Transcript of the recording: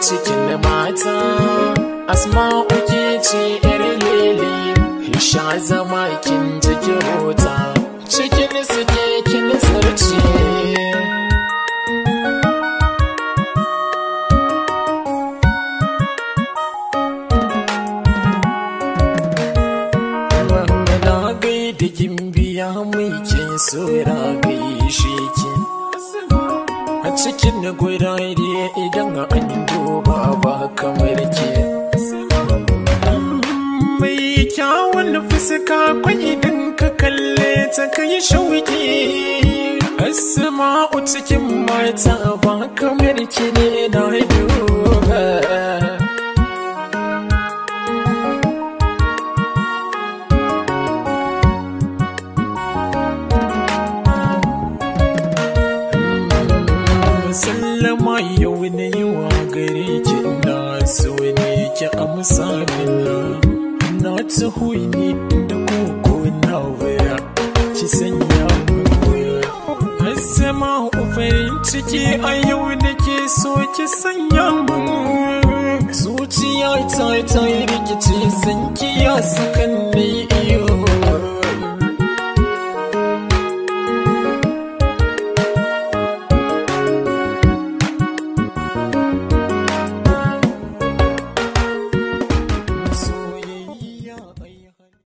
cikin mata asma ke ce yar lele sha zama kin jiki rota cikin suke kin sarce da kin mai kin so ragai shi kin a cikin guda idan an ba kamar ke mai kyawun fuska kwai idan ka kalle ta kai shauki asma'u cikin mata ba kamar ke ne da duba sallama yau ne wa gari ki sarara na ta huyi da koko na waya ki sanya min waya har sama farin ciki a yau da so ki sanya min zuciya ta ta rikici, san ki ya sakan ne